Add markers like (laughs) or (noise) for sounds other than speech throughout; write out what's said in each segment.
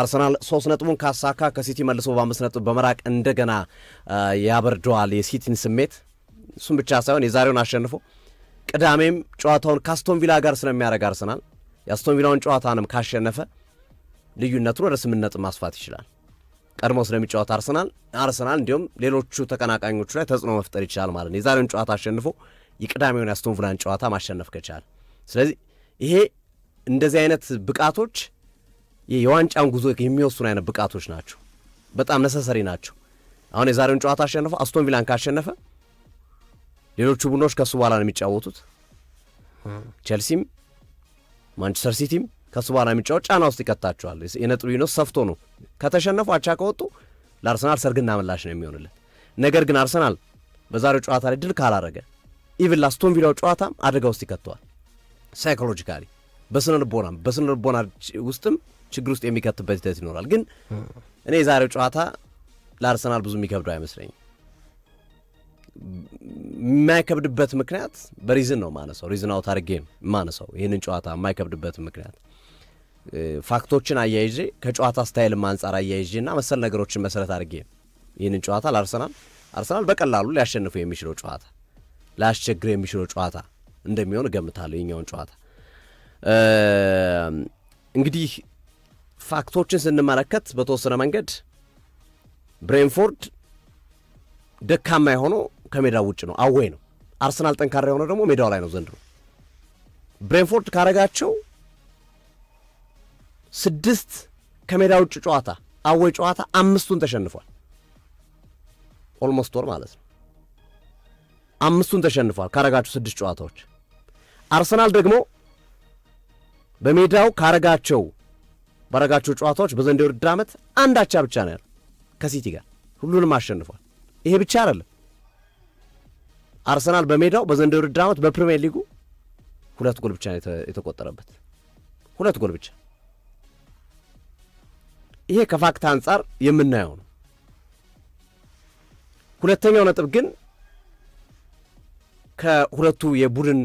አርሰናል ሶስት ነጥቡን ካሳካ ከሲቲ መልሶ በአምስት ነጥብ በመራቅ እንደገና ያበርደዋል የሲቲን ስሜት። እሱም ብቻ ሳይሆን የዛሬውን አሸንፎ ቅዳሜም ጨዋታውን ከአስቶንቪላ ጋር ስለሚያደርግ አርሰናል የአስቶንቪላውን ጨዋታንም ካሸነፈ ልዩነቱን ወደ ስምንት ነጥብ ማስፋት ይችላል። ቀድሞ ስለሚጫወት አርሰናል አርሰናል እንዲሁም ሌሎቹ ተቀናቃኞቹ ላይ ተጽዕኖ መፍጠር ይችላል ማለት ነው። የዛሬውን ጨዋታ አሸንፎ የቅዳሜውን የአስቶንቪላን ጨዋታ ማሸነፍ ከቻለ ስለዚህ ይሄ እንደዚህ አይነት ብቃቶች የዋንጫን ጉዞ የሚወስኑ አይነት ብቃቶች ናቸው። በጣም ነሰሰሪ ናቸው። አሁን የዛሬውን ጨዋታ አሸነፈ። አስቶን ቪላን ካሸነፈ ሌሎቹ ቡድኖች ከሱ በኋላ ነው የሚጫወቱት። ቼልሲም ማንቸስተር ሲቲም ከሱ በኋላ የሚጫወት ጫና ውስጥ ይከታቸዋል። የነጥብ ልዩነት ሰፍቶ ነው። ከተሸነፉ አቻ ከወጡ ለአርሰናል ሰርግና ምላሽ ነው የሚሆንለት። ነገር ግን አርሰናል በዛሬው ጨዋታ ላይ ድል ካላረገ ኢቭን ላስቶን ቪላው ጨዋታም አደጋ ውስጥ ይከተዋል። ሳይኮሎጂካሊ በስነ ልቦናም በስነ ልቦና ውስጥም ችግር ውስጥ የሚከትበት ሂደት ይኖራል። ግን እኔ የዛሬው ጨዋታ ለአርሰናል ብዙ የሚከብደው አይመስለኝም። የማይከብድበት ምክንያት በሪዝን ነው ማነሰው ሪዝን አውት አድርጌ ማነሰው ይህንን ጨዋታ የማይከብድበት ምክንያት ፋክቶችን አያይዤ ከጨዋታ ስታይልም አንጻር አያይዤ እና መሰል ነገሮችን መሰረት አድርጌ ይህንን ጨዋታ ለአርሰናል አርሰናል በቀላሉ ሊያሸንፉ የሚችለው ጨዋታ ሊያስቸግር የሚችለው ጨዋታ እንደሚሆን እገምታለሁ። የኛውን ጨዋታ እንግዲህ ፋክቶችን ስንመለከት በተወሰነ መንገድ ብሬንፎርድ ደካማ የሆነው ከሜዳው ውጭ ነው፣ አዌይ ነው። አርሰናል ጠንካራ የሆነው ደግሞ ሜዳው ላይ ነው ዘንድሮ። ብሬንፎርድ ካረጋቸው ስድስት ከሜዳ ውጭ ጨዋታ አዌይ ጨዋታ አምስቱን ተሸንፏል። ኦልሞስት ወር ማለት ነው። አምስቱን ተሸንፏል ካረጋቸው ስድስት ጨዋታዎች። አርሰናል ደግሞ በሜዳው ካረጋቸው ባረጋቸው ጨዋታዎች በዘንድሮው የውድድር ዓመት አንድ አቻ ብቻ ነው ያለው ከሲቲ ጋር ሁሉንም አሸንፏል። ይሄ ብቻ አይደለም። አርሰናል በሜዳው በዘንድሮው የውድድር ዓመት በፕሪሚየር ሊጉ ሁለት ጎል ብቻ ነው የተቆጠረበት፣ ሁለት ጎል ብቻ። ይሄ ከፋክት አንጻር የምናየው ነው። ሁለተኛው ነጥብ ግን ከሁለቱ የቡድን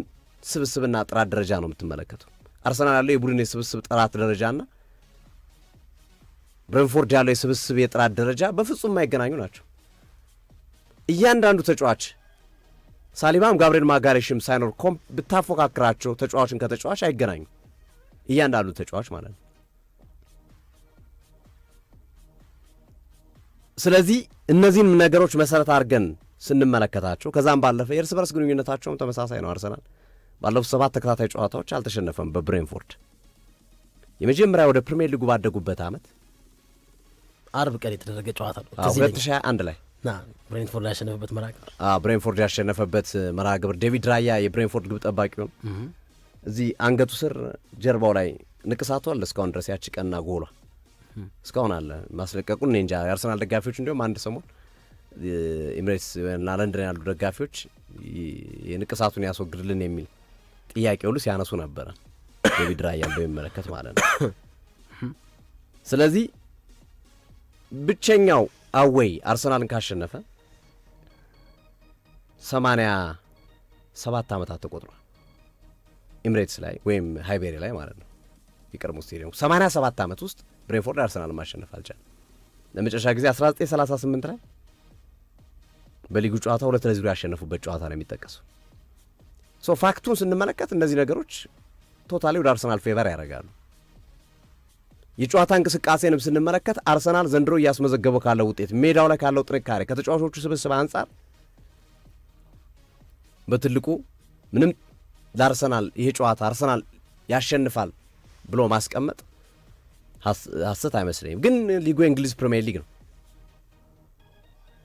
ስብስብና ጥራት ደረጃ ነው የምትመለከተው። አርሰናል ያለው የቡድን የስብስብ ጥራት ደረጃና ብሬንፎርድ ያለው የስብስብ የጥራት ደረጃ በፍጹም የማይገናኙ ናቸው። እያንዳንዱ ተጫዋች ሳሊባም ጋብርኤል ማጋሌሽም ሳይኖር ኮም ብታፎካክራቸው ተጫዋችን ከተጫዋች አይገናኙ። እያንዳንዱ ተጫዋች ማለት ነው። ስለዚህ እነዚህን ነገሮች መሰረት አድርገን ስንመለከታቸው ከዛም ባለፈ የእርስ በርስ ግንኙነታቸውም ተመሳሳይ ነው። አርሰናል ባለፉት ሰባት ተከታታይ ጨዋታዎች አልተሸነፈም በብሬንፎርድ የመጀመሪያ ወደ ፕሪምየር ሊጉ ባደጉበት ዓመት አርብ ቀን የተደረገ ጨዋታ ነው። ሁለት ሺህ አንድ ላይ ብሬንፎርድ ያሸነፈበት መርሃ ብሬንፎርድ ያሸነፈበት መርሃ ግብር ዴቪድ ራያ የብሬንፎርድ ግብ ጠባቂውን እዚህ አንገቱ ስር ጀርባው ላይ ንቅሳቱ አለ እስካሁን ድረስ ያቺ ቀና ጎሏ እስካሁን አለ። ማስለቀቁ እኔ እንጃ። የአርሰናል ደጋፊዎች እንዲሁም አንድ ሰሞን ኤምሬትስ እና ለንደን ያሉ ደጋፊዎች የንቅሳቱን ያስወግድልን የሚል ጥያቄ ሁሉ ሲያነሱ ነበረ። ዴቪድ ራያን በሚመለከት ማለት ነው። ስለዚህ ብቸኛው አዌይ አርሰናልን ካሸነፈ ሰባት ዓመታት ተቆጥሯል። ኤምሬትስ ላይ ወይም ሃይቤሪ ላይ ማለት ነው የቀድሞ ስቴዲየሙ 87 ዓመት ውስጥ ብሬንፎርድ አርሰናልን ማሸነፍ አልቻለም። ለመጨረሻ ጊዜ 1938 ላይ በሊጉ ጨዋታ ሁለት ለዜሮ ያሸነፉበት ጨዋታ ነው የሚጠቀሱ። ሶ ፋክቱን ስንመለከት እነዚህ ነገሮች ቶታሊ ወደ አርሰናል ፌቨር ያደርጋሉ። የጨዋታ እንቅስቃሴንም ስንመለከት አርሰናል ዘንድሮ እያስመዘገበው ካለው ውጤት፣ ሜዳው ላይ ካለው ጥንካሬ፣ ከተጫዋቾቹ ስብስብ አንጻር በትልቁ ምንም ለአርሰናል ይሄ ጨዋታ አርሰናል ያሸንፋል ብሎ ማስቀመጥ ሀሰት አይመስለኝም። ግን ሊጉ የእንግሊዝ ፕሪምየር ሊግ ነው።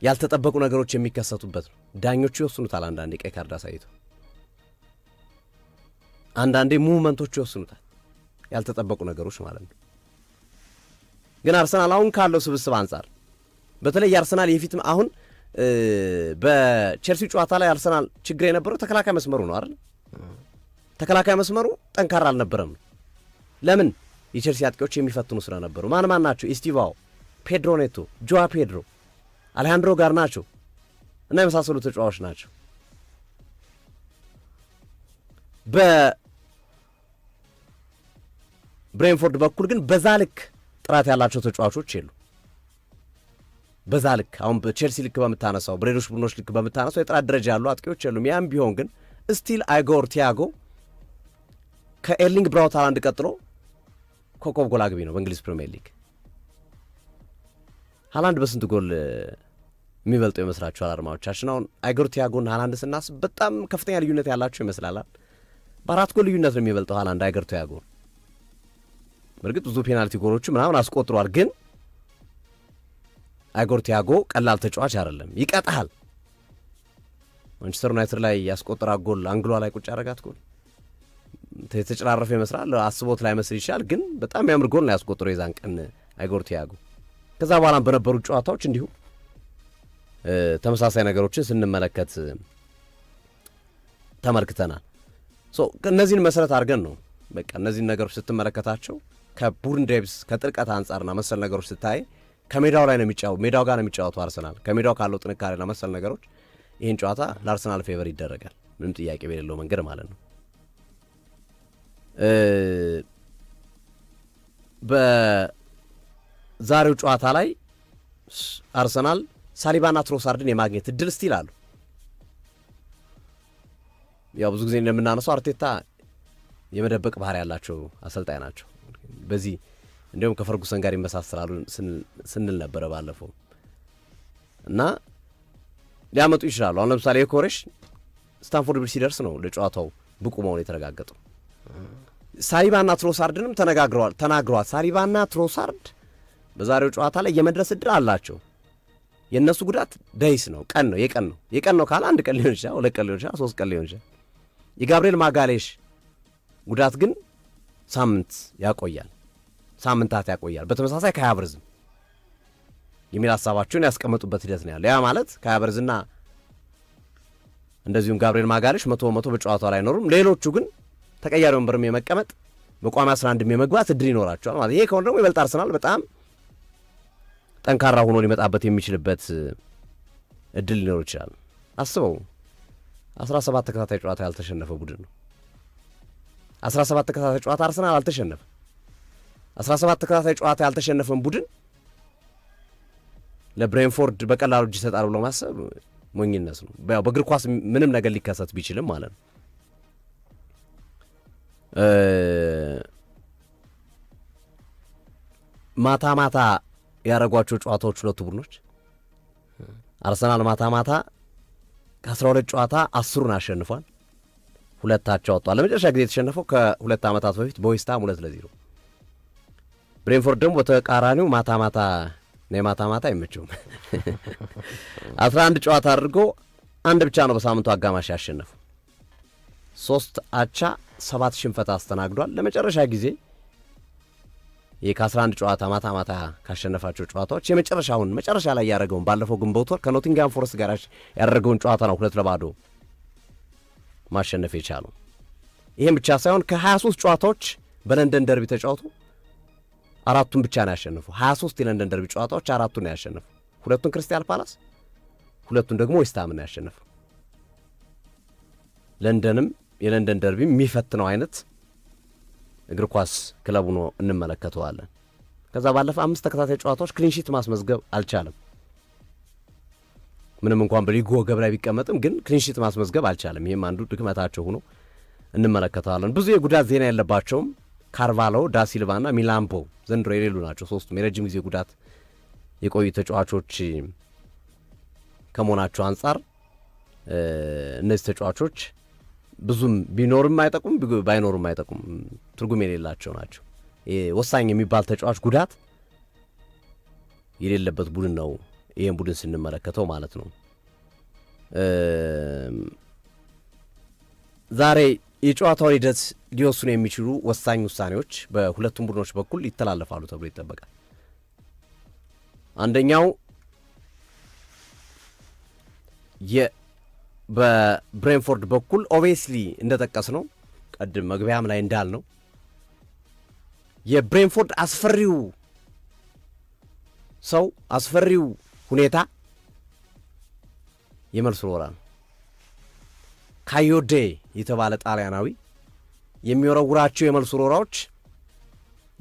ያልተጠበቁ ነገሮች የሚከሰቱበት ነው። ዳኞቹ ይወስኑታል። አንዳንዴ ቀይ ካርድ አሳይቶ፣ አንዳንዴ ሙቭመንቶቹ ይወስኑታል። ያልተጠበቁ ነገሮች ማለት ነው። ግን አርሰናል አሁን ካለው ስብስብ አንጻር በተለይ አርሰናል የፊትም አሁን በቼልሲ ጨዋታ ላይ አርሰናል ችግር የነበረው ተከላካይ መስመሩ ነው አይደል? ተከላካይ መስመሩ ጠንካራ አልነበረም። ለምን? የቼልሲ አጥቂዎች የሚፈትኑ ስለነበሩ። ማን ማን ናቸው? ኢስቲቫው፣ ፔድሮ ኔቶ፣ ጆዋ ፔድሮ፣ አሌሃንድሮ ጋር ናቸው እና የመሳሰሉ ተጫዋቾች ናቸው። በብሬንፎርድ በኩል ግን በዛ ልክ ጥራት ያላቸው ተጫዋቾች የሉ። በዛ ልክ አሁን በቼልሲ ልክ በምታነሳው በሌሎች ቡድኖች ልክ በምታነሳው የጥራት ደረጃ ያሉ አጥቂዎች የሉም። ያም ቢሆን ግን ስቲል አይጎር ቲያጎ ከኤርሊንግ ብራውት ሃላንድ ቀጥሎ ኮከብ ጎል አግቢ ነው በእንግሊዝ ፕሪምየር ሊግ። ሃላንድ በስንት ጎል የሚበልጠው ይመስላችኋል አድማጮቻችን? አሁን አይጎር ቲያጎና ሃላንድ ስናስብ በጣም ከፍተኛ ልዩነት ያላቸው ይመስላላል። በአራት ጎል ልዩነት ነው የሚበልጠው ሃላንድ አይጎር ቲያጎ በእርግጥ ብዙ ፔናልቲ ጎሎቹ ምናምን አስቆጥሯል። ግን አይጎር ቲያጎ ቀላል ተጫዋች አይደለም፣ ይቀጣሃል። ማንቸስተር ዩናይትድ ላይ ያስቆጠራ ጎል አንግሏ ላይ ቁጭ ያረጋት ጎል የተጨራረፈ ይመስላል፣ አስቦት ላይ መስል ይችላል። ግን በጣም የሚያምር ጎል ነው ያስቆጠረው የዛን ቀን አይጎር ቲያጎ። ከዛ በኋላም በነበሩ ጨዋታዎች እንዲሁ ተመሳሳይ ነገሮችን ስንመለከት ተመልክተናል። እነዚህን መሰረት አድርገን ነው በቃ እነዚህን ነገሮች ስትመለከታቸው ከቡርንዴብስ ከጥልቀት አንጻርና መሰል ነገሮች ስታይ ከሜዳው ላይ ነው የሚጫወ ሜዳው ጋር ነው የሚጫወቱ አርሰናል ከሜዳው ካለው ጥንካሬና መሰል ነገሮች ይህን ጨዋታ ለአርሰናል ፌቨር ይደረጋል። ምንም ጥያቄ በሌለው መንገድ ማለት ነው። በዛሬው ጨዋታ ላይ አርሰናል ሳሊባና ትሮሳርድን የማግኘት እድል ስቲል አሉ። ያው ብዙ ጊዜ እንደምናነሳው አርቴታ የመደበቅ ባህሪ ያላቸው አሰልጣኝ ናቸው። በዚህ እንዲሁም ከፈርጉሰን ጋር ይመሳሰላሉ ስንል ነበረ ባለፈው እና ሊያመጡ ይችላሉ። አሁን ለምሳሌ የኮሬሽ ስታንፎርድ ብሪጅ ሲደርስ ነው ለጨዋታው ብቁ መሆኑ የተረጋገጠው። ሳሊባና ትሮሳርድንም ተነጋግረዋል ተናግረዋል። ሳሊባና ትሮሳርድ በዛሬው ጨዋታ ላይ የመድረስ እድል አላቸው። የእነሱ ጉዳት ደይስ ነው፣ ቀን ነው፣ የቀን ነው። የቀን ነው ካለ አንድ ቀን ሊሆን ይችላል፣ ሁለት ቀን ሊሆን ይችላል፣ ሶስት ቀን ሊሆን ይችላል። የጋብርኤል ማጋሌሽ ጉዳት ግን ሳምንት ያቆያል፣ ሳምንታት ያቆያል። በተመሳሳይ ከሀያብርዝም የሚል ሀሳባቸውን ያስቀመጡበት ሂደት ነው ያለው። ያ ማለት ከሀያብርዝና እንደዚሁም ጋብርኤል ማጋለሽ መቶ በመቶ በጨዋታው ላይ አይኖሩም። ሌሎቹ ግን ተቀያሪ ወንበርም የመቀመጥ በቋሚ 11 የመግባት እድል ይኖራቸዋል ማለት ይሄ ከሆነ ደግሞ ይበልጥ አርሰናል በጣም ጠንካራ ሆኖ ሊመጣበት የሚችልበት እድል ሊኖር ይችላል። አስበው 17 ተከታታይ ጨዋታ ያልተሸነፈ ቡድን ነው። 17 ተከታታይ ጨዋታ አርሰናል አልተሸነፈ 17 ተከታታይ ጨዋታ ያልተሸነፈን ቡድን ለብሬንፎርድ በቀላሉ እጅ ይሰጣል ብሎ ማሰብ ሞኝነት ነው። በእግር ኳስ ምንም ነገር ሊከሰት ቢችልም ማለት ነው። ማታ ማታ ያደረጓቸው ጨዋታዎች ሁለቱ ቡድኖች አርሰናል ማታ ማታ ከ12 ጨዋታ አስሩን አሸንፏል። ሁለታቸው አጥቷል። ለመጨረሻ ጊዜ የተሸነፈው ከሁለት ዓመታት በፊት በዌስትሃም ሁለት ለዜሮ። ብሬንፎርድ ደግሞ በተቃራኒው ማታ ማታ ነው ማታ ማታ አይመቸውም። (laughs) አስራ አንድ ጨዋታ አድርጎ አንድ ብቻ ነው በሳምንቱ አጋማሽ ያሸነፉ። ሶስት አቻ ሰባት ሽንፈት አስተናግዷል። ለመጨረሻ ጊዜ ይህ ከአስራ አንድ ጨዋታ ማታ ማታ ካሸነፋቸው ጨዋታዎች የመጨረሻውን መጨረሻ ላይ ያደረገውን ባለፈው ግንቦት ወር ከኖቲንጋም ፎረስት ጋር ያደረገውን ጨዋታ ነው ሁለት ለባዶ ማሸነፍ የቻሉ። ይህም ብቻ ሳይሆን ከ23 ጨዋታዎች በለንደን ደርቢ ተጫወቱ፣ አራቱን ብቻ ነው ያሸነፉ። 23 የለንደን ደርቢ ጨዋታዎች አራቱን ነው ያሸነፉ። ሁለቱን ክርስቲያል ፓላስ፣ ሁለቱን ደግሞ ዌስትሃም ነው ያሸነፉ። ለንደንም የለንደን ደርቢ የሚፈትነው አይነት እግር ኳስ ክለብ ሆኖ እንመለከተዋለን። ከዛ ባለፈ አምስት ተከታታይ ጨዋታዎች ክሊንሺት ማስመዝገብ አልቻለም። ምንም እንኳን በሊጉ ወገብ ላይ ቢቀመጥም ግን ክሊንሺት ማስመዝገብ አልቻለም። ይህም አንዱ ድክመታቸው ሆኖ እንመለከተዋለን። ብዙ የጉዳት ዜና ያለባቸውም ካርቫሎ፣ ዳሲልቫና ሚላምቦ ዘንድሮ የሌሉ ናቸው። ሶስቱም የረጅም ጊዜ ጉዳት የቆዩ ተጫዋቾች ከመሆናቸው አንጻር እነዚህ ተጫዋቾች ብዙም ቢኖርም አይጠቁም ባይኖርም አይጠቁም ትርጉም የሌላቸው ናቸው። ወሳኝ የሚባል ተጫዋች ጉዳት የሌለበት ቡድን ነው ይህን ቡድን ስንመለከተው ማለት ነው። ዛሬ የጨዋታውን ሂደት ሊወስኑ የሚችሉ ወሳኝ ውሳኔዎች በሁለቱም ቡድኖች በኩል ይተላለፋሉ ተብሎ ይጠበቃል። አንደኛው በብሬንፎርድ በኩል ኦቬስሊ እንደጠቀስ ነው ቀድም መግቢያም ላይ እንዳል ነው የብሬንፎርድ አስፈሪው ሰው አስፈሪው የመልሱ ወራ ነው። ካዮዴ የተባለ ጣሊያናዊ የሚወረውራቸው የመልሱ ወራዎች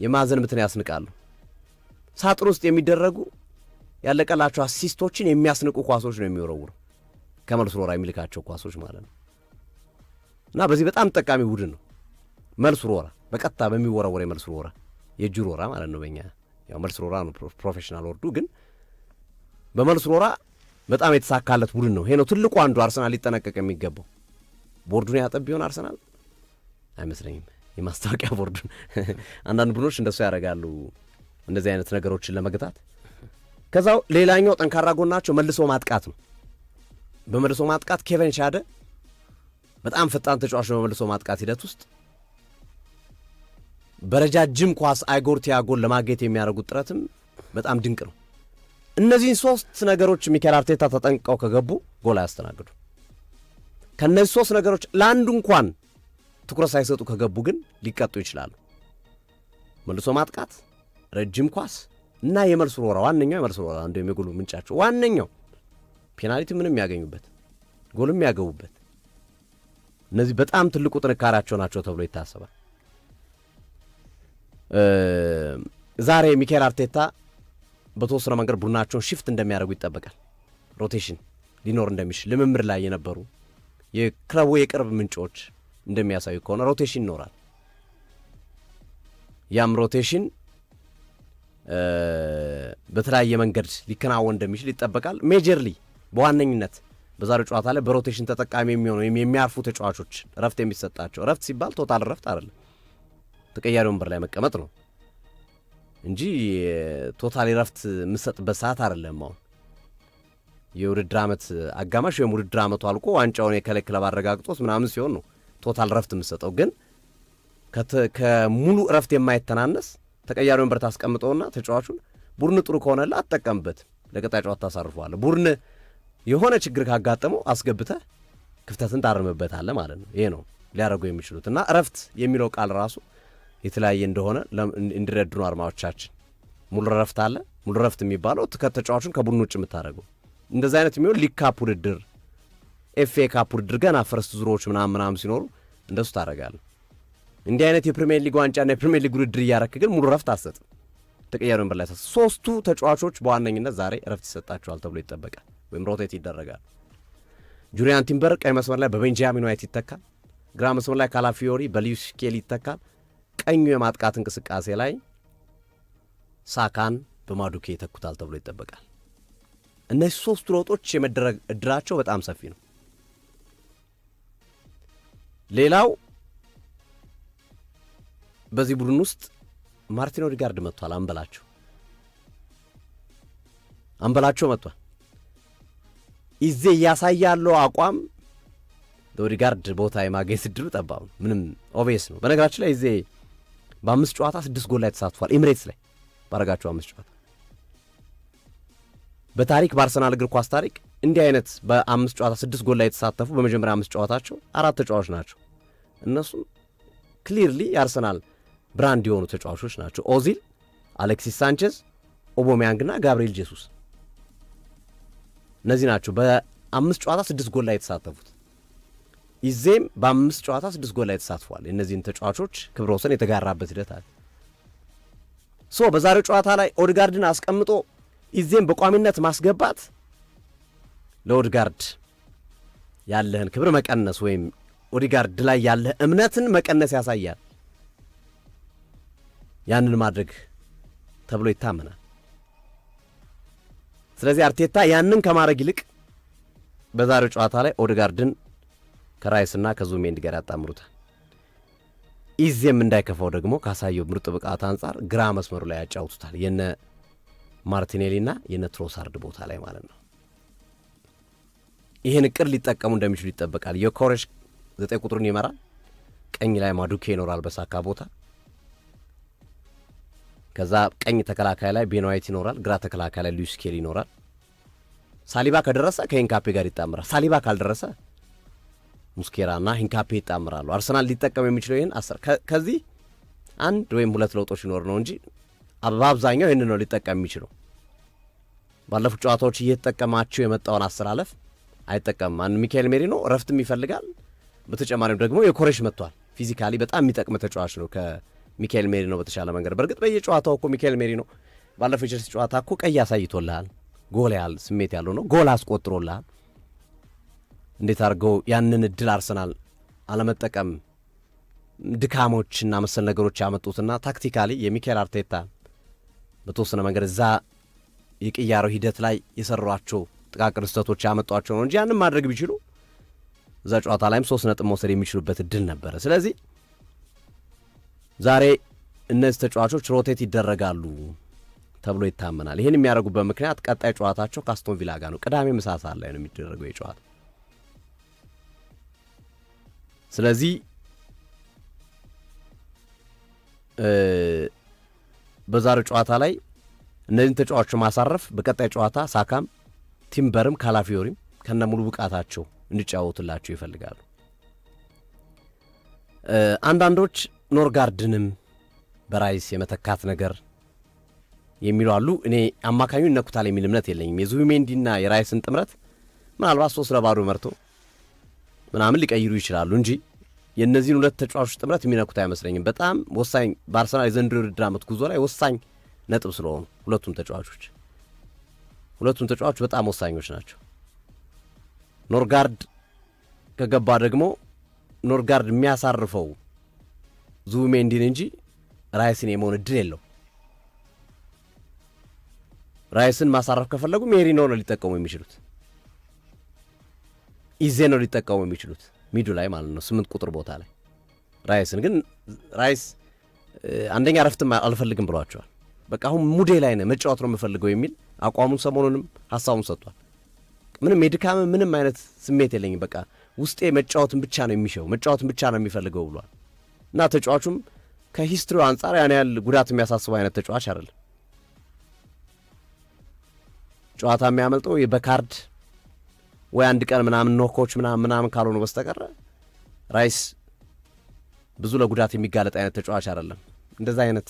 የማዕዘን ምትን ያስንቃሉ። ሳጥን ውስጥ የሚደረጉ ያለቀላቸው አሲስቶችን የሚያስንቁ ኳሶች ነው የሚወረውሩ ከመልሱ ወራ የሚልካቸው ኳሶች ማለት ነው። እና በዚህ በጣም ጠቃሚ ቡድን ነው መልሱ ወራ በቀጥታ በሚወረወር የመልሱ ወራ የእጁ ማለት ነው። በኛ ያው መልሱ ሮራ ነው ፕሮፌሽናል ወርዱ ግን በመልስ ኖራ በጣም የተሳካለት ቡድን ነው። ይሄ ነው ትልቁ አንዱ አርሰናል ሊጠነቀቅ የሚገባው። ቦርዱን ያጠብ ቢሆን አርሰናል አይመስለኝም። የማስታወቂያ (laughs) ቦርዱን (laughs) አንዳንድ ቡድኖች እንደሱ ያደርጋሉ፣ እንደዚህ አይነት ነገሮችን ለመግታት። ከዛው ሌላኛው ጠንካራ ጎናቸው መልሶ ማጥቃት ነው። በመልሶ ማጥቃት ኬቨን ሻደ በጣም ፈጣን ተጫዋች ነው። በመልሶ ማጥቃት ሂደት ውስጥ በረጃጅም ኳስ አይጎር ቲያጎን ለማግኘት የሚያደርጉት ጥረትም በጣም ድንቅ ነው። እነዚህን ሶስት ነገሮች ሚካኤል አርቴታ ተጠንቀው ከገቡ ጎል አያስተናግዱ። ከእነዚህ ሶስት ነገሮች ለአንዱ እንኳን ትኩረት ሳይሰጡ ከገቡ ግን ሊቀጡ ይችላሉ። መልሶ ማጥቃት፣ ረጅም ኳስ እና የመልስ ሮራ ዋነኛው የመልስ ሮራ እንዲሁም የሚጉሉ ምንጫቸው ዋነኛው ፔናልቲ ምንም ያገኙበት ጎልም ያገቡበት እነዚህ በጣም ትልቁ ጥንካሬያቸው ናቸው ተብሎ ይታሰባል። ዛሬ ሚካኤል አርቴታ በተወሰነ መንገድ ቡድናቸውን ሽፍት እንደሚያደርጉ ይጠበቃል። ሮቴሽን ሊኖር እንደሚችል ልምምድ ላይ የነበሩ የክለቡ የቅርብ ምንጮች እንደሚያሳዩ ከሆነ ሮቴሽን ይኖራል። ያም ሮቴሽን በተለያየ መንገድ ሊከናወን እንደሚችል ይጠበቃል። ሜጀርሊ በዋነኝነት በዛሬው ጨዋታ ላይ በሮቴሽን ተጠቃሚ የሚሆኑ ወይም የሚያርፉ ተጫዋቾች እረፍት የሚሰጣቸው እረፍት ሲባል ቶታል እረፍት አይደለም፣ ተቀያሪ ወንበር ላይ መቀመጥ ነው። እንጂ ቶታል ረፍት የምሰጥበት ሰዓት አይደለም። አሁን የውድድር ዓመት አጋማሽ ወይም ውድድር ዓመቱ አልቆ ዋንጫውን የከለ ክለብ አረጋግጦት ምናምን ሲሆን ነው ቶታል ረፍት የምሰጠው። ግን ከሙሉ ረፍት የማይተናነስ ተቀያሪ ወንበር ታስቀምጠውና ተጫዋቹን ቡድን ጥሩ ከሆነለ አትጠቀምበት፣ ለቀጣይ ጨዋታ ታሳርፈዋለ። ቡድን የሆነ ችግር ካጋጠመው አስገብተህ ክፍተትን ታርምበታለህ ማለት ነው። ይሄ ነው ሊያደርጉ የሚችሉት እና እረፍት የሚለው ቃል ራሱ የተለያየ እንደሆነ እንዲረዱ ነው አርማዎቻችን። ሙሉ ረፍት አለ። ሙሉ ረፍት የሚባለው ከተጫዋቹን ከቡድን ውጭ የምታደርገው እንደዚ አይነት የሚሆን ሊግ ካፕ ውድድር፣ ኤፍኤ ካፕ ውድድር ገና ፈርስት ዙሮዎች ምናምን ምናምን ሲኖሩ እንደሱ ታደርጋለህ። እንዲህ አይነት የፕሪሚየር ሊግ ዋንጫና የፕሪሚየር ሊግ ውድድር እያረክ ግን ሙሉ ረፍት አትሰጥም። ተቀያሪ ወንበር ላይ ሶስቱ ተጫዋቾች በዋነኝነት ዛሬ ረፍት ይሰጣቸዋል ተብሎ ይጠበቃል፣ ወይም ሮቴት ይደረጋል። ጁሪያን ቲምበር ቀይ መስመር ላይ በቤንጃሚን ዋይት ይተካል። ግራ መስመር ላይ ካላፊዮሪ በሊዩስ ኬል ይተካል። ቀኙ የማጥቃት እንቅስቃሴ ላይ ሳካን በማዱኬ ይተኩታል ተብሎ ይጠበቃል። እነዚህ ሶስት ለውጦች የመደረግ እድላቸው በጣም ሰፊ ነው። ሌላው በዚህ ቡድን ውስጥ ማርቲን ኦዲጋርድ መጥቷል። አንበላቸው አንበላቸው መጥቷል። ይዜ እያሳያለው አቋም ኦዲጋርድ ቦታ የማግኘት እድሉ ጠባብ ነው። ምንም ኦቬስ ነው። በነገራችን ላይ ይዜ በአምስት ጨዋታ ስድስት ጎል ላይ ተሳትፏል። ኤምሬትስ ላይ ባረጋቸው አምስት ጨዋታ በታሪክ በአርሰናል እግር ኳስ ታሪክ እንዲህ አይነት በአምስት ጨዋታ ስድስት ጎል ላይ የተሳተፉ በመጀመሪያ አምስት ጨዋታቸው አራት ተጫዋቾች ናቸው። እነሱም ክሊርሊ የአርሰናል ብራንድ የሆኑ ተጫዋቾች ናቸው። ኦዚል፣ አሌክሲስ ሳንቼዝ፣ ኦቦሚያንግ እና ጋብርኤል ጄሱስ እነዚህ ናቸው በአምስት ጨዋታ ስድስት ጎል ላይ የተሳተፉት። ይዜም በአምስት ጨዋታ ስድስት ጎል ላይ ተሳትፏል። እነዚህን ተጫዋቾች ክብረ ወሰን የተጋራበት ሂደት አለ። ሶ በዛሬው ጨዋታ ላይ ኦድጋርድን አስቀምጦ ይዜም በቋሚነት ማስገባት ለኦድጋርድ ያለህን ክብር መቀነስ ወይም ኦዲጋርድ ላይ ያለህ እምነትን መቀነስ ያሳያል። ያንን ማድረግ ተብሎ ይታመናል። ስለዚህ አርቴታ ያንን ከማድረግ ይልቅ በዛሬው ጨዋታ ላይ ኦድጋርድን ከራይስና ከዙሜንድ ጋር ያጣምሩታል። ኢዜም እንዳይከፋው ደግሞ ካሳየው ምርጥ ብቃት አንጻር ግራ መስመሩ ላይ ያጫውቱታል። የነ ማርቲኔሊና የነ ትሮሳርድ ቦታ ላይ ማለት ነው። ይህን እቅድ ሊጠቀሙ እንደሚችሉ ይጠበቃል። የኮሬሽ ዘጠኝ ቁጥሩን ይመራል። ቀኝ ላይ ማዱኬ ይኖራል በሳካ ቦታ። ከዛ ቀኝ ተከላካይ ላይ ቤንዋይት ይኖራል። ግራ ተከላካይ ላይ ሉዊስ ኬል ይኖራል። ሳሊባ ከደረሰ ከኢንካፔ ጋር ይጣምራል። ሳሊባ ካልደረሰ ና ሂንካፔ ይጣምራሉ። አርሰናል ሊጠቀም የሚችለው ይህን ከዚህ አንድ ወይም ሁለት ለውጦች ይኖር ነው እንጂ በአብዛኛው ይህን ነው ሊጠቀም የሚችለው። ባለፉት ጨዋታዎች እየተጠቀማቸው የመጣውን አሰላለፍ አይጠቀምም። አንድ ሚካኤል ሜሪኖ እረፍትም ይፈልጋል። በተጨማሪም ደግሞ የኮሬሽ መጥቷል። ፊዚካሊ በጣም የሚጠቅም ተጫዋች ነው ከሚካኤል ሜሪኖ በተሻለ መንገድ። በእርግጥ በየጨዋታው እኮ ሚካኤል ሜሪኖ ባለፈው ጨዋታ እኮ ቀይ አሳይቶልሃል። ጎል ያህል ስሜት ያለው ነው። ጎል አስቆጥሮልሃል። እንዴት አድርገው ያንን እድል አርሰናል አለመጠቀም ድካሞችና መሰል ነገሮች ያመጡትና ታክቲካሊ የሚካኤል አርቴታ በተወሰነ መንገድ እዛ የቅያሮ ሂደት ላይ የሰሯቸው ጥቃቅን ስህተቶች ያመጧቸው ነው እንጂ ያንን ማድረግ ቢችሉ እዛ ጨዋታ ላይም ሶስት ነጥብ መውሰድ የሚችሉበት እድል ነበረ። ስለዚህ ዛሬ እነዚህ ተጫዋቾች ሮቴት ይደረጋሉ ተብሎ ይታመናል። ይህን የሚያደርጉበት ምክንያት ቀጣይ ጨዋታቸው ከአስቶን ቪላ ጋር ነው። ቅዳሜ ምሳ ሰዓት ላይ ነው የሚደረገው የጨዋታ ስለዚህ በዛሬው ጨዋታ ላይ እነዚህን ተጫዋቾች ማሳረፍ በቀጣይ ጨዋታ ሳካም ቲምበርም ካላፊዮሪም ከነ ሙሉ ብቃታቸው እንዲጫወቱላቸው ይፈልጋሉ። አንዳንዶች ኖርጋርድንም በራይስ የመተካት ነገር የሚሉ አሉ። እኔ አማካኙ ይነኩታል የሚል እምነት የለኝም። የዙቢሜንዲና የራይስን ጥምረት ምናልባት ሶስት ለባዶ መርቶ ምናምን ሊቀይሩ ይችላሉ እንጂ የእነዚህን ሁለት ተጫዋቾች ጥምረት የሚነኩት አይመስለኝም። በጣም ወሳኝ በአርሰናል የዘንድሮ ውድድር ዓመት ጉዞ ላይ ወሳኝ ነጥብ ስለሆኑ ሁለቱም ተጫዋቾች ሁለቱም ተጫዋቾች በጣም ወሳኞች ናቸው። ኖርጋርድ ከገባ ደግሞ ኖርጋርድ የሚያሳርፈው ዙቢሜንዲን እንጂ ራይስን የመሆን እድል የለው። ራይስን ማሳረፍ ከፈለጉ ሜሪኖ ነው ሊጠቀሙ የሚችሉት። ኢዜ ነው ሊጠቀሙ የሚችሉት ሚዱ ላይ ማለት ነው፣ ስምንት ቁጥር ቦታ ላይ ራይስን ግን ራይስ አንደኛ እረፍትም አልፈልግም ብሏቸዋል። በቃ አሁን ሙዴ ላይ ነህ መጫወት ነው የምፈልገው የሚል አቋሙን ሰሞኑንም ሀሳቡን ሰጥቷል። ምንም የድካም ምንም አይነት ስሜት የለኝም፣ በቃ ውስጤ መጫወትን ብቻ ነው የሚሸው መጫወትን ብቻ ነው የሚፈልገው ብሏል። እና ተጫዋቹም ከሂስትሪው አንጻር ያን ያህል ጉዳት የሚያሳስበው አይነት ተጫዋች አይደለም። ጨዋታ የሚያመልጠው በካርድ ወይ አንድ ቀን ምናምን ኖኮች ምናምን ምናምን ካልሆኑ በስተቀረ ራይስ ብዙ ለጉዳት የሚጋለጥ አይነት ተጫዋች አይደለም። እንደዛ አይነት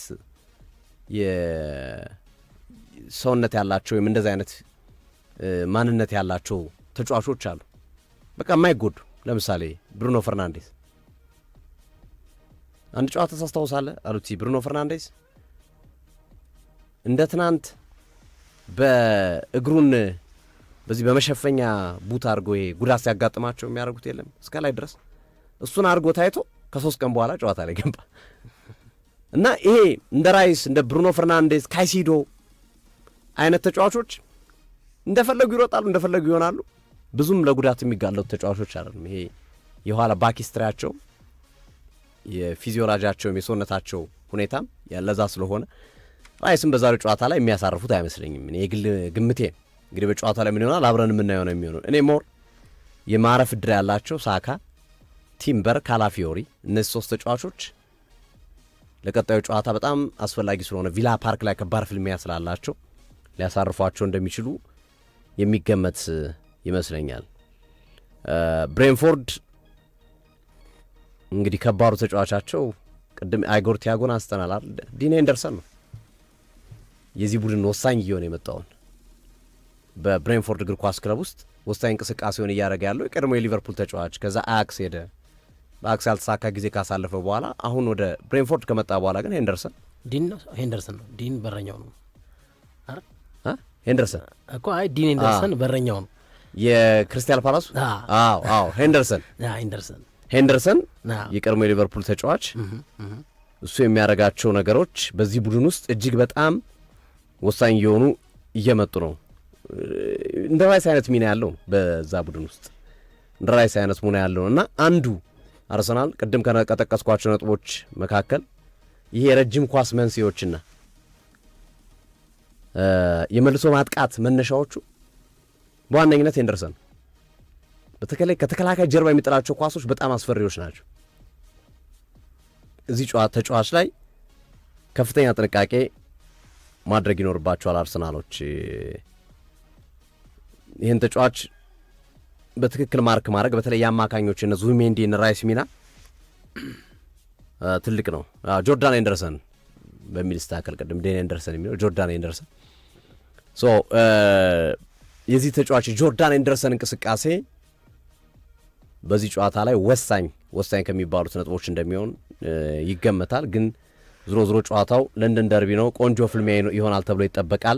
የሰውነት ያላቸው ወይም እንደዛ አይነት ማንነት ያላቸው ተጫዋቾች አሉ፣ በቃ የማይጎዱ ለምሳሌ ብሩኖ ፈርናንዴዝ አንድ ጨዋታ ታስታውሳለህ አሉቲ ብሩኖ ፈርናንዴዝ እንደ ትናንት በእግሩን በዚህ በመሸፈኛ ቡት አድርጎ ጉዳት ሲያጋጥማቸው የሚያደርጉት የለም እስከ ላይ ድረስ እሱን አድርጎ ታይቶ ከሶስት ቀን በኋላ ጨዋታ ላይ ገባ እና ይሄ እንደ ራይስ እንደ ብሩኖ ፈርናንዴዝ ካይሲዶ አይነት ተጫዋቾች እንደፈለጉ ይሮጣሉ፣ እንደፈለጉ ይሆናሉ። ብዙም ለጉዳት የሚጋለጡ ተጫዋቾች አይደሉም። ይሄ የኋላ ባኪስትሪያቸው የፊዚዮሎጂያቸውም የሰውነታቸው ሁኔታም ያለዛ ስለሆነ ራይስን በዛሬው ጨዋታ ላይ የሚያሳርፉት አይመስለኝም። የግል ግምቴ ነው። እንግዲህ በጨዋታ ላይ ምን ይሆናል አብረን የምናየው ነው የሚሆነው። እኔ ሞር የማረፍ እድል ያላቸው ሳካ፣ ቲምበር፣ ካላፊዮሪ እነዚህ ሶስት ተጫዋቾች ለቀጣዩ ጨዋታ በጣም አስፈላጊ ስለሆነ ቪላ ፓርክ ላይ ከባድ ፍልሚያ ስላላቸው ሊያሳርፏቸው እንደሚችሉ የሚገመት ይመስለኛል። ብሬንፎርድ እንግዲህ ከባዱ ተጫዋቻቸው ቅድም አይጎር ቲያጎን አንስተናል። ዲን ኤንደርሰን ነው የዚህ ቡድን ወሳኝ እየሆነ የመጣውን በብሬንፎርድ እግር ኳስ ክለብ ውስጥ ወሳኝ እንቅስቃሴውን እያደረገ ያለው የቀድሞ የሊቨርፑል ተጫዋች ከዛ አያክስ ሄደ። በአክስ ያልተሳካ ጊዜ ካሳለፈ በኋላ አሁን ወደ ብሬንፎርድ ከመጣ በኋላ ግን ሄንደርሰን ዲን ነው ሄንደርሰን ነው ዲን በረኛው ነው ሄንደርሰን እኮ አይ ዲን ሄንደርሰን በረኛው ነው የክርስቲያን ፓላሱ አዎ አዎ ሄንደርሰን ሄንደርሰን ሄንደርሰን የቀድሞ የሊቨርፑል ተጫዋች እሱ የሚያደርጋቸው ነገሮች በዚህ ቡድን ውስጥ እጅግ በጣም ወሳኝ እየሆኑ እየመጡ ነው። እንደራይስ አይነት ሚና ያለው በዛ ቡድን ውስጥ ራይስ አይነት ሙና ያለው እና አንዱ አርሰናል ቅድም ከጠቀስኳቸው ነጥቦች መካከል ይሄ የረጅም ኳስ መንስኤዎችና የመልሶ ማጥቃት መነሻዎቹ በዋነኝነት ሄንደርሰን በተለይ ከተከላካይ ጀርባ የሚጥላቸው ኳሶች በጣም አስፈሪዎች ናቸው። እዚህ ጨዋታ ተጫዋች ላይ ከፍተኛ ጥንቃቄ ማድረግ ይኖርባቸዋል አርሰናሎች። ይህን ተጫዋች በትክክል ማርክ ማድረግ በተለይ የአማካኞች እነ ዙሜንዲ ዙሜንዲን ራይስ ሚና ትልቅ ነው። ጆርዳን ኤንደርሰን በሚል ስታከል ቅድም ዴን ኤንደርሰን የሚለው ጆርዳን ኤንደርሰን የዚህ ተጫዋች ጆርዳን ኤንደርሰን እንቅስቃሴ በዚህ ጨዋታ ላይ ወሳኝ ወሳኝ ከሚባሉት ነጥቦች እንደሚሆን ይገመታል። ግን ዝሮ ዝሮ ጨዋታው ለንደን ደርቢ ነው። ቆንጆ ፍልሚያ ይሆናል ተብሎ ይጠበቃል።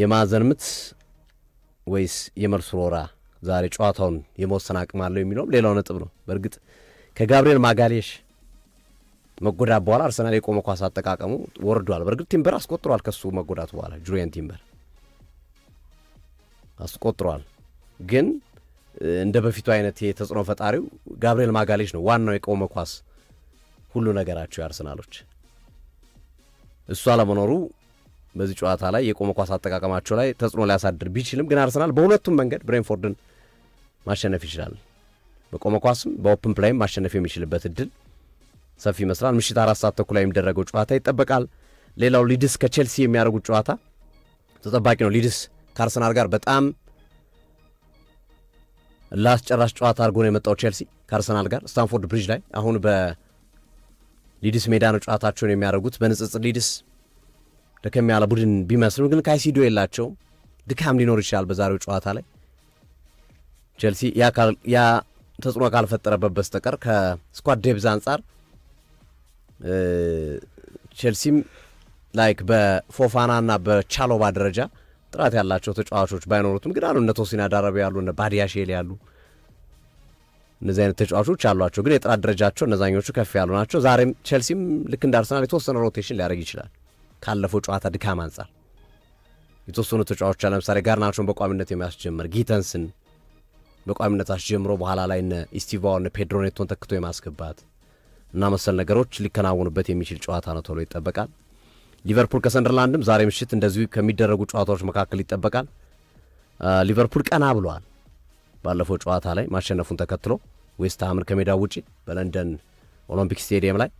የማዕዘን ምት ወይስ የመልስ ሮራ ዛሬ ጨዋታውን የመወሰን አቅም አለው የሚለውም ሌላው ነጥብ ነው። በእርግጥ ከጋብሪኤል ማጋሌሽ መጎዳት በኋላ አርሰናል የቆመ ኳስ አጠቃቀሙ ወርዷል። በእርግጥ ቲምበር አስቆጥሯል። ከሱ መጎዳቱ በኋላ ጁሪየን ቲምበር አስቆጥሯል። ግን እንደ በፊቱ አይነት የተጽዕኖ ፈጣሪው ጋብሪኤል ማጋሌሽ ነው። ዋናው የቆመ ኳስ ሁሉ ነገራቸው የአርሰናሎች እሱ አለመኖሩ በዚህ ጨዋታ ላይ የቆመ ኳስ አጠቃቀማቸው ላይ ተጽዕኖ ሊያሳድር ቢችልም ግን አርሰናል በሁለቱም መንገድ ብሬንፎርድን ማሸነፍ ይችላል። በቆመ ኳስም በኦፕን ፕላይም ማሸነፍ የሚችልበት እድል ሰፊ ይመስላል። ምሽት አራት ሰዓት ተኩል ላይ የሚደረገው ጨዋታ ይጠበቃል። ሌላው ሊድስ ከቼልሲ የሚያደርጉት ጨዋታ ተጠባቂ ነው። ሊድስ ከአርሰናል ጋር በጣም ላስጨራሽ ጨዋታ አድርጎ ነው የመጣው። ቼልሲ ከአርሰናል ጋር ስታንፎርድ ብሪጅ ላይ አሁን በሊድስ ሜዳ ነው ጨዋታቸውን የሚያደርጉት። በንጽጽር ሊድስ ደከም ያለ ቡድን ቢመስሉ ግን ካይሲዶ የላቸውም። ድካም ሊኖር ይችላል በዛሬው ጨዋታ ላይ ቼልሲ ያ ተጽዕኖ ካልፈጠረበት በስተቀር ከስኳድ ዴብዝ አንጻር ቼልሲም ላይክ በፎፋና እና በቻሎባ ደረጃ ጥራት ያላቸው ተጫዋቾች ባይኖሩትም ግን አሉ እነ ቶሲና ዳረቢ ያሉ እነ ባዲያሼል ያሉ እነዚህ አይነት ተጫዋቾች አሏቸው። ግን የጥራት ደረጃቸው እነዛኞቹ ከፍ ያሉ ናቸው። ዛሬም ቼልሲም ልክ እንዳርሰናል የተወሰነ ሮቴሽን ሊያደርግ ይችላል። ካለፈው ጨዋታ ድካም አንጻር የተወሰኑ ተጫዋቾች ለምሳሌ ጋርናቸውን በቋሚነት የሚያስጀምር ጊተንስን በቋሚነት አስጀምሮ በኋላ ላይ እነ ኢስቲቫው እነ ፔድሮ ኔቶን ተክቶ የማስገባት እና መሰል ነገሮች ሊከናወኑበት የሚችል ጨዋታ ነው ተብሎ ይጠበቃል። ሊቨርፑል ከሰንደርላንድም ዛሬ ምሽት እንደዚሁ ከሚደረጉ ጨዋታዎች መካከል ይጠበቃል። ሊቨርፑል ቀና ብለዋል። ባለፈው ጨዋታ ላይ ማሸነፉን ተከትሎ ዌስትሃምን ከሜዳው ውጪ በለንደን ኦሎምፒክ ስቴዲየም ላይ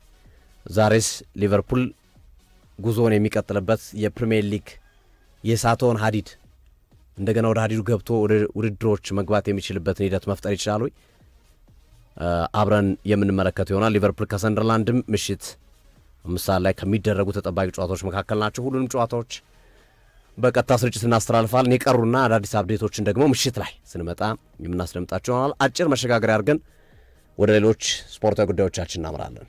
ዛሬስ ሊቨርፑል ጉዞውን የሚቀጥልበት የፕሪምየር ሊግ የሳቶን ሀዲድ እንደገና ወደ ሀዲዱ ገብቶ ውድድሮች መግባት የሚችልበትን ሂደት መፍጠር ይችላሉ አብረን የምንመለከተው ይሆናል። ሊቨርፑል ከሰንደርላንድም ምሽት አምስት ሰዓት ላይ ከሚደረጉ ተጠባቂ ጨዋታዎች መካከል ናቸው። ሁሉንም ጨዋታዎች በቀጥታ ስርጭት እናስተላልፋለን። የቀሩና አዳዲስ አብዴቶችን ደግሞ ምሽት ላይ ስንመጣ የምናስደምጣቸው ይሆናል። አጭር መሸጋገሪያ አድርገን ወደ ሌሎች ስፖርታዊ ጉዳዮቻችን እናምራለን።